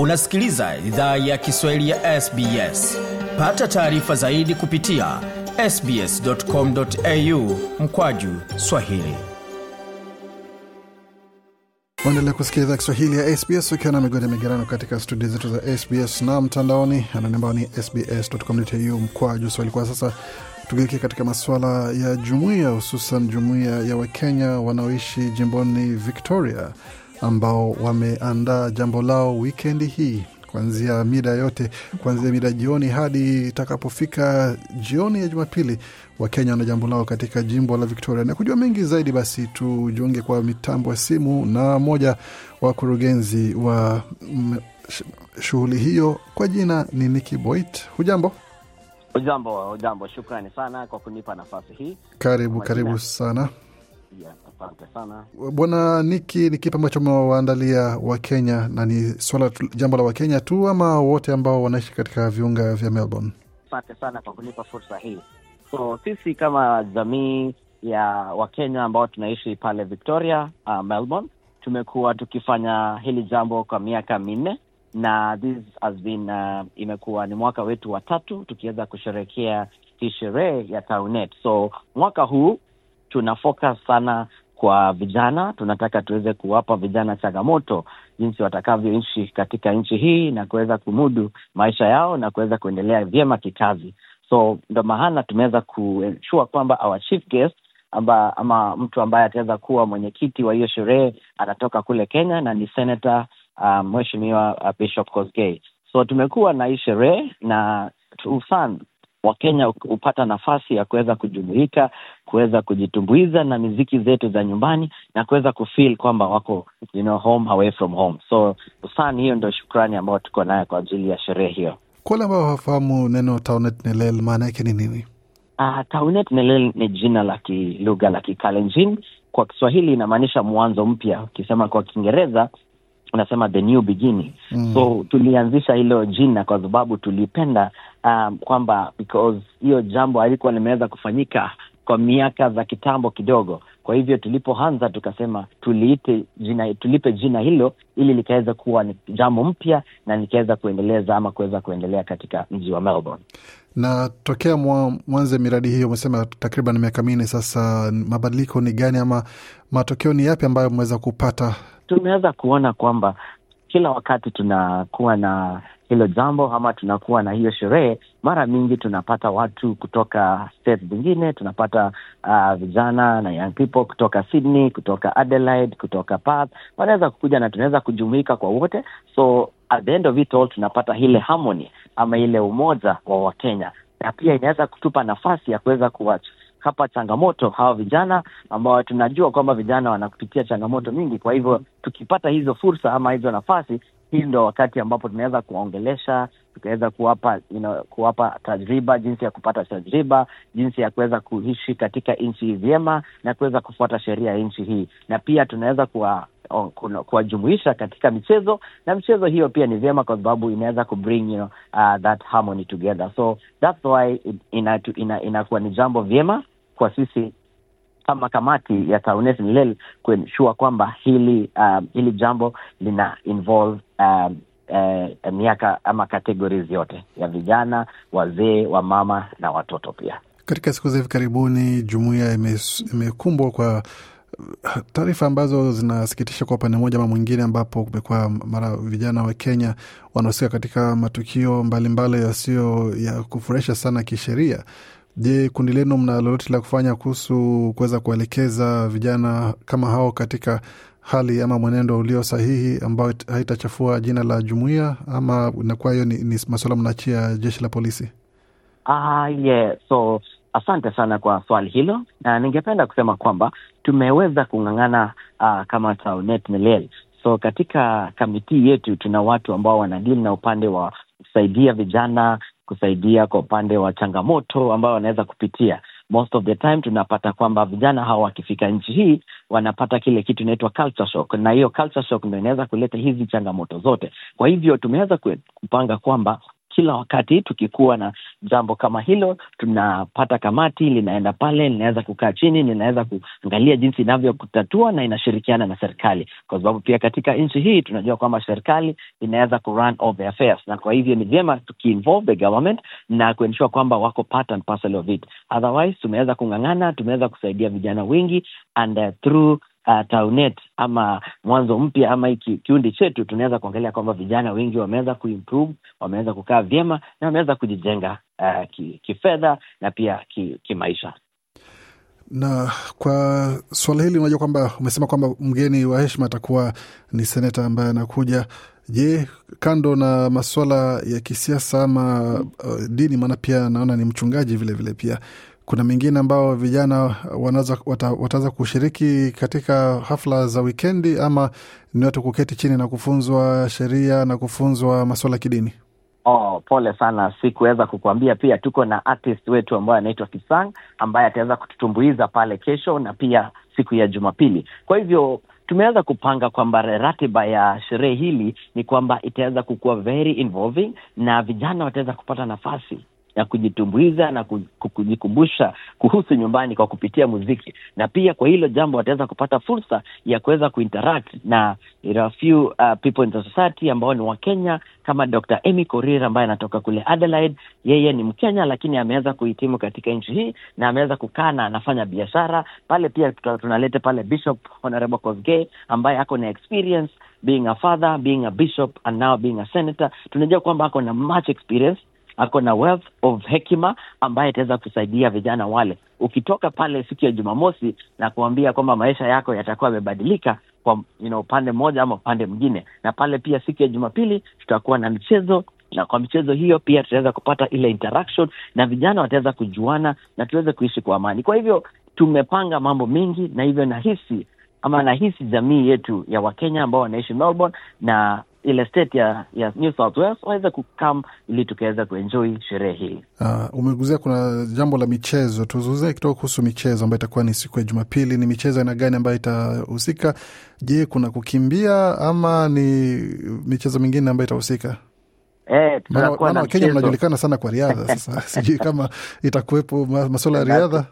unasikiliza idhaa ya kiswahili ya sbs pata taarifa zaidi kupitia sbscomau mkwaju swahili Unaendelea kusikia idhaa Kiswahili ya SBS ukiwa na migodi migerano katika studio zetu za SBS na mtandaoni anwani ambao ni sbs.com.au mkwaju swahili. Kwa sasa tugeekia katika masuala ya jumuiya, hususan jumuia ya Wakenya wanaoishi jimboni Victoria ambao wameandaa jambo lao wikendi hii kuanzia mida yote, kuanzia mida jioni hadi itakapofika jioni ya Jumapili. Wakenya wana jambo lao katika jimbo la Victoria. Na kujua mengi zaidi, basi tujiunge kwa mitambo ya simu na mmoja wa kurugenzi wa shughuli hiyo, kwa jina ni Niki Boit. Hujambo? Ujambo, ujambo. Shukrani sana kwa kunipa nafasi hii. Karibu, karibu sana. Yeah, asante sana bwana Niki. Ni kipi ambacho mmewaandalia Wakenya na ni swala jambo la Wakenya tu ama wote ambao wanaishi katika viunga vya Melbourne? Asante sana kwa kunipa fursa hii. So sisi kama jamii ya Wakenya ambao tunaishi pale Victoria, uh, Melbourne, tumekuwa tukifanya hili jambo kwa miaka minne na this has been uh, imekuwa ni mwaka wetu wa tatu tukiweza kusherekea hii sherehe ya Taunet. So mwaka huu tuna focus sana kwa vijana. Tunataka tuweze kuwapa vijana changamoto jinsi watakavyoishi katika nchi hii na kuweza kumudu maisha yao na kuweza kuendelea vyema kikazi. So ndo maana tumeweza kushua kwamba our chief guest amba, ama mtu ambaye ataweza kuwa mwenyekiti wa hiyo sherehe anatoka kule Kenya na ni senata uh, mweshimiwa uh, Bishop Kosgei. So tumekuwa na hii sherehe na hususan Wakenya hupata nafasi ya kuweza kujumuika, kuweza kujitumbuiza na miziki zetu za nyumbani na kuweza kufeel kwamba wako you know, home away from home. So hususan hiyo ndio shukrani ambayo tuko nayo kwa ajili ya sherehe hiyo. Kwa wale ambao hawafahamu neno Taunet Nelel, maana yake ni nini? Uh, Taunet Nelel ni jina la kilugha la Kikalenjin. Kwa Kiswahili inamaanisha mwanzo mpya, ukisema kwa Kiingereza unasema the new beginning mm. so tulianzisha hilo jina kwa sababu tulipenda um, kwamba because hiyo jambo alikuwa limeweza kufanyika kwa miaka za kitambo kidogo kwa hivyo tulipoanza tukasema tuliite jina tulipe jina hilo ili likaweza kuwa ni jambo mpya na nikaweza kuendeleza ama kuweza kuendelea katika mji wa melbourne na tokea mwanze miradi hiyo umesema takriban miaka minne sasa mabadiliko ni gani ama matokeo ni yapi ambayo mmeweza kupata tumeweza kuona kwamba kila wakati tunakuwa na hilo jambo ama tunakuwa na hiyo sherehe, mara mingi tunapata watu kutoka zingine, tunapata uh, vijana na young people kutoka Sydney, kutoka Adelaide, kutoka Perth wanaweza kukuja na tunaweza kujumuika kwa wote, so at the end of it all tunapata ile harmony ama ile umoja wa Wakenya na pia inaweza kutupa nafasi ya kuweza kuwacha hapa changamoto hawa vijana ambao tunajua kwamba vijana wanapitia changamoto mingi. Kwa hivyo tukipata hizo fursa ama hizo nafasi, hii ndo wakati ambapo tunaweza kuwaongelesha, tukaweza kuwapa you know, kuwapa tajriba, jinsi ya kupata tajriba, jinsi ya kuweza kuishi katika nchi hii vyema na kuweza kufuata sheria ya nchi hii, na pia tunaweza kuwa oh, kuwajumuisha katika michezo na michezo hiyo pia ni vyema kwa sababu inaweza ku you know, uh, that harmony together so that's why inakuwa ina, ina ni jambo vyema kwa sisi kama kamati ya TAUNET NILEL kuenshua kwamba hili um, hili jambo lina involve um, eh, eh miaka ama kategori yote ya vijana, wazee, wa mama na watoto pia. Katika siku za hivi karibuni, jumuia imekumbwa kwa uh, taarifa ambazo zinasikitisha kwa upande mmoja ama mwingine, ambapo kumekuwa mara vijana wa Kenya wanahusika katika matukio mbalimbali yasiyo ya kufurahisha sana kisheria. Je, kundi lenu mna lolote la kufanya kuhusu kuweza kuelekeza vijana kama hao katika hali ama mwenendo ulio sahihi ambao haitachafua jina la jumuia ama inakuwa hiyo ni, ni masuala mnaachia jeshi la polisi? Uh, ah, yeah. So asante sana kwa swali hilo, na ningependa kusema kwamba tumeweza kung'ang'ana uh, kama Taunet Milel. So katika kamiti yetu tuna watu ambao wanadili na upande wa kusaidia vijana kusaidia kwa upande wa changamoto ambayo wanaweza kupitia. Most of the time tunapata kwamba vijana hawa wakifika nchi hii wanapata kile kitu inaitwa culture shock, na hiyo culture shock ndo inaweza kuleta hizi changamoto zote. Kwa hivyo tumeweza kupanga kwamba kila wakati tukikuwa na jambo kama hilo, tunapata kamati, linaenda pale, linaweza kukaa chini, linaweza kuangalia jinsi inavyokutatua na inashirikiana na serikali, kwa sababu pia katika nchi hii tunajua kwamba serikali inaweza ku run all the affairs, na kwa hivyo ni vyema tukiinvolve the government na kuensure kwamba wako part and of it, otherwise tumeweza kung'ang'ana, tumeweza kusaidia vijana wengi and uh, through uh, Taunet ama mwanzo mpya ama iki, kiundi chetu, tunaweza kuangalia kwamba vijana wengi wameweza kuimprove, wameweza kukaa vyema na wameweza kujijenga uh, kifedha ki na pia kimaisha ki na kwa suala hili unajua kwamba umesema kwamba mgeni wa heshima atakuwa ni seneta ambaye anakuja. Je, kando na masuala ya kisiasa ama uh, dini, maana pia naona ni mchungaji vilevile vile pia kuna mengine ambao vijana wataweza kushiriki katika hafla za wikendi, ama ni watu kuketi chini na kufunzwa sheria na kufunzwa masuala ya kidini? Oh, pole sana, sikuweza kukuambia. Pia tuko na artist wetu ambaye anaitwa Kisang ambaye ataweza kututumbuiza pale kesho na pia siku ya Jumapili. Kwa hivyo tumeweza kupanga kwamba ratiba ya sherehe hili ni kwamba itaweza kukuwa very involving na vijana wataweza kupata nafasi na kujitumbuiza na kujikumbusha kuhusu nyumbani kwa kupitia muziki, na pia kwa hilo jambo wataweza kupata fursa ya kuweza kuinteract na a few uh, people in the society ambao ni Wakenya kama Dr. Amy Korir ambaye anatoka kule Adelaide. Yeye ni Mkenya lakini ameweza kuhitimu katika nchi hii na ameweza kukaa na anafanya biashara pale. Pia tunaleta pale Bishop Honorable ambaye ako na experience being a father, being a bishop and now being a senator. Tunajua kwamba ako na much experience ako na wealth of hekima ambaye itaweza kusaidia vijana wale. Ukitoka pale siku ya Jumamosi na kuambia kwamba maisha yako yatakuwa yamebadilika kwa you know, upande mmoja ama upande mwingine. Na pale pia siku ya Jumapili tutakuwa na michezo na kwa michezo hiyo pia tutaweza kupata ile interaction na vijana wataweza kujuana na tuweze kuishi kwa amani. Kwa hivyo tumepanga mambo mengi, na hivyo nahisi ama nahisi jamii yetu ya Wakenya ambao wanaishi Melbourne na ile state ya, ya New South Wales waweze kukam ili tukaweza kuenjoi sherehe hii. Uh, umeguzia kuna jambo la michezo, tuzungumzie kidogo kuhusu michezo ambayo itakuwa ni siku ya Jumapili. Ni michezo aina gani ambayo itahusika? Je, kuna kukimbia ama ni michezo mingine ambayo itahusika? Eh, maana Wakenya mnajulikana sana kwa riadha. Sasa sijui kama itakuwepo masuala ya riadha.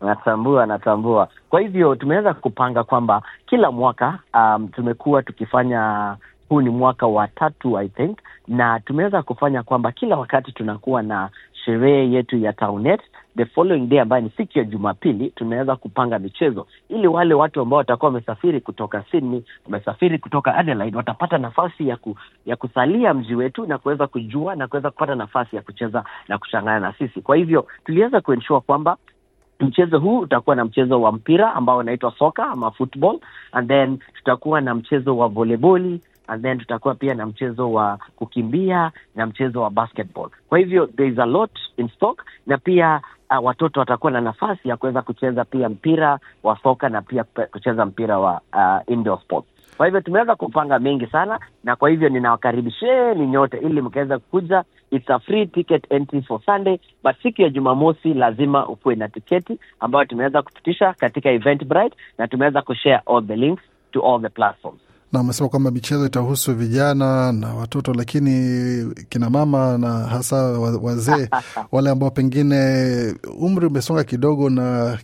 Natambua, natambua. Kwa hivyo tumeweza kupanga kwamba kila mwaka um, tumekuwa tukifanya huu ni mwaka wa tatu I think, na tumeweza kufanya kwamba kila wakati tunakuwa na sherehe yetu ya Taunet the following day ambayo ni siku ya Jumapili, tunaweza kupanga michezo ili wale watu ambao watakuwa wamesafiri kutoka Sydney, wamesafiri kutoka Adelaide, watapata nafasi ya, ku, ya kusalia mji wetu na kuweza kujua na kuweza kupata nafasi ya kucheza na kuchangana na sisi. Kwa hivyo tuliweza kuenshua kwamba mchezo huu utakuwa na mchezo wa mpira ambao unaitwa soka ama football, and then tutakuwa na mchezo wa voleboli and then tutakuwa pia na mchezo wa kukimbia na mchezo wa basketball. Kwa hivyo there is a lot in stock, na pia uh, watoto watakuwa na nafasi ya kuweza kucheza pia mpira wa soka na pia kucheza mpira wa uh, indoor sports. Kwa hivyo tumeweza kupanga mengi sana, na kwa hivyo ninawakaribisheni nyote ili mkaweza kukuja It's a free ticket entry for Sunday, but siku ya Jumamosi lazima ukuwe na tiketi ambayo tumeweza kupitisha katika bright na tumeweza kushare all the links to all the platforms na amesema kwamba michezo itahusu vijana na watoto, lakini kina mama na hasa wazee wale ambao pengine umri umesonga kidogo na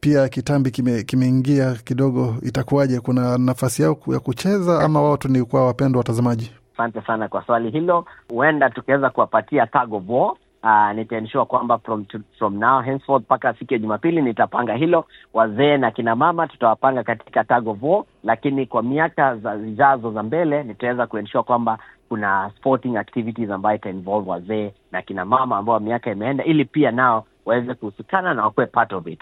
pia kitambi kimeingia kime kidogo, itakuwaje? Kuna nafasi yao ya kucheza ama wao tu ni kwa wapendwa watazamaji? Asante sana kwa swali hilo. Huenda tukiweza kuwapatia tug of war uh, nitaensure kwamba from, from now henceforth mpaka siku ya Jumapili nitapanga hilo. Wazee na kina mama tutawapanga katika tag of war, lakini kwa miaka zijazo za mbele nitaweza kuensure kwamba kuna sporting activities ambayo involve wazee na kina mama ambao miaka imeenda, ili pia nao waweze kuhusikana na wakuwe part of it.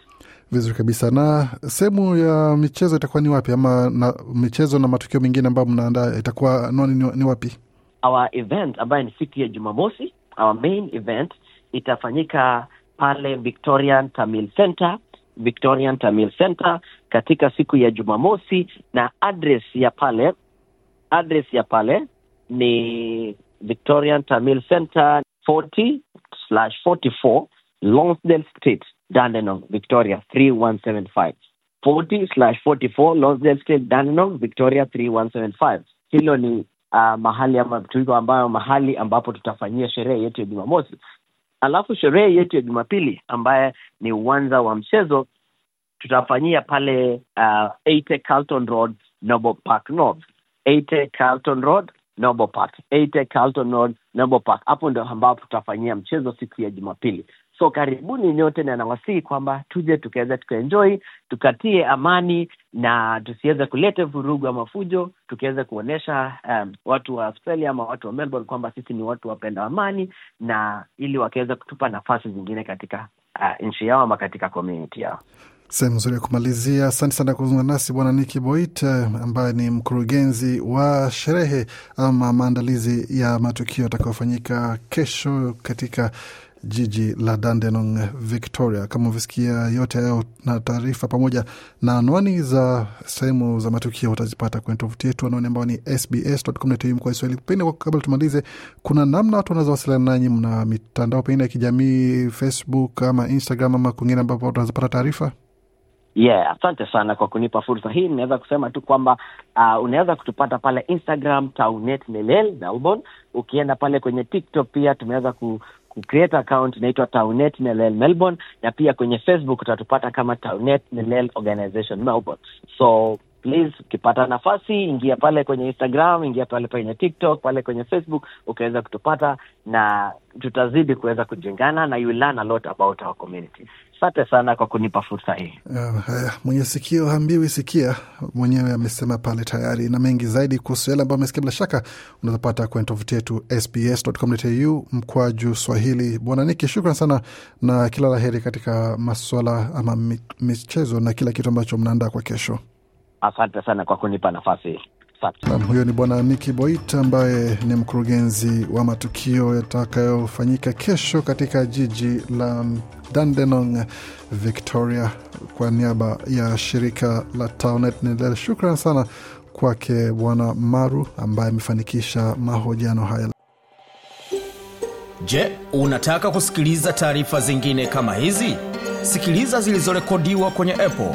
Vizuri kabisa. Na sehemu ya michezo itakuwa ni wapi, ama na michezo na matukio mengine ambayo mnaandaa itakuwa nani ni, ni wapi? Our event ambayo ni siku ya Jumamosi our main event itafanyika pale Victorian Tamil Center, Victorian Tamil Center katika siku ya Jumamosi, na address ya pale address ya pale ni Victorian Tamil Center 40/44 Lonsdale Street, Dandenong, Victoria 3175. 40/44 Lonsdale Street, Dandenong, Victoria 3175. Hilo ni uh, mahali ama tuliko ambayo mahali ambapo tutafanyia sherehe yetu ya Jumamosi, alafu sherehe yetu ya Jumapili ambaye ni uwanja wa mchezo tutafanyia pale uh, 80 Carlton Road, Noble Park North. 80 Carlton Road, Noble Park. 80 Carlton Road, Noble Park. Hapo ndio ambapo tutafanyia mchezo siku ya Jumapili. So karibuni nyote, na nawasihi kwamba tuje tukaweza tukaenjoi, tukatie amani na tusiweze kuleta vurugu ama fujo, tukiweza kuonyesha um, watu wa Australia ama watu wa Melbourne kwamba sisi ni watu wapenda amani, na ili wakaweza kutupa nafasi zingine katika uh, nchi yao ama katika community yao. Sehemu nzuri ya kumalizia. Asante sana kuzungumza nasi Bwana Niki Boit, um, ambaye ni mkurugenzi wa sherehe ama maandalizi ya matukio yatakayofanyika kesho katika jiji la Dandenong, Victoria. Kama umesikia yote hayo na taarifa pamoja na anwani za sehemu za matukio utazipata kwenye tovuti yetu, anwani ambayo ni sbs.com.au kwa Kiswahili. Pengine kwa kabla tumalize, kuna namna watu wanaweza wasiliana nanyi, mna mitandao pengine ya kijamii Facebook ama Instagram ama kwingine ambapo tunazipata taarifa? Yeah, asante sana kwa kunipa fursa hii. Ninaweza kusema tu kwamba uh, unaweza kutupata pale Instagram Taunet Melel Melbourne. Ukienda pale kwenye TikTok pia tumeweza ku, kucreate account inaitwa Taunet Nelel Melbourne, na pia kwenye Facebook utatupata kama Taunet Nelel Organization Melbourne. So please, ukipata nafasi ingia pale kwenye Instagram, ingia pale kwenye TikTok, pale kwenye Facebook ukaweza kutupata, na tutazidi kuweza kujengana na you learn a lot about our communities. Asante sana kwa kunipa fursa hii. Uh, uh, mwenye sikio hambiwi sikia, mwenyewe amesema pale tayari, na mengi zaidi kuhusu yale ambayo amesikia, bila shaka unazopata kwenye tovuti yetu sbs.com.au mkwaju Swahili. Bwana Niki, shukran sana na kila la heri katika maswala ama michezo na kila kitu ambacho mnaandaa kwa kesho. Asante sana kwa kunipa nafasi hii. Nam, huyo ni Bwana miki Boit ambaye ni mkurugenzi wa matukio yatakayofanyika kesho katika jiji la Dandenong, Victoria, kwa niaba ya shirika la Townet Nidel. Shukran sana kwake Bwana Maru ambaye amefanikisha mahojiano haya. Je, unataka kusikiliza taarifa zingine kama hizi? Sikiliza zilizorekodiwa kwenye Apple,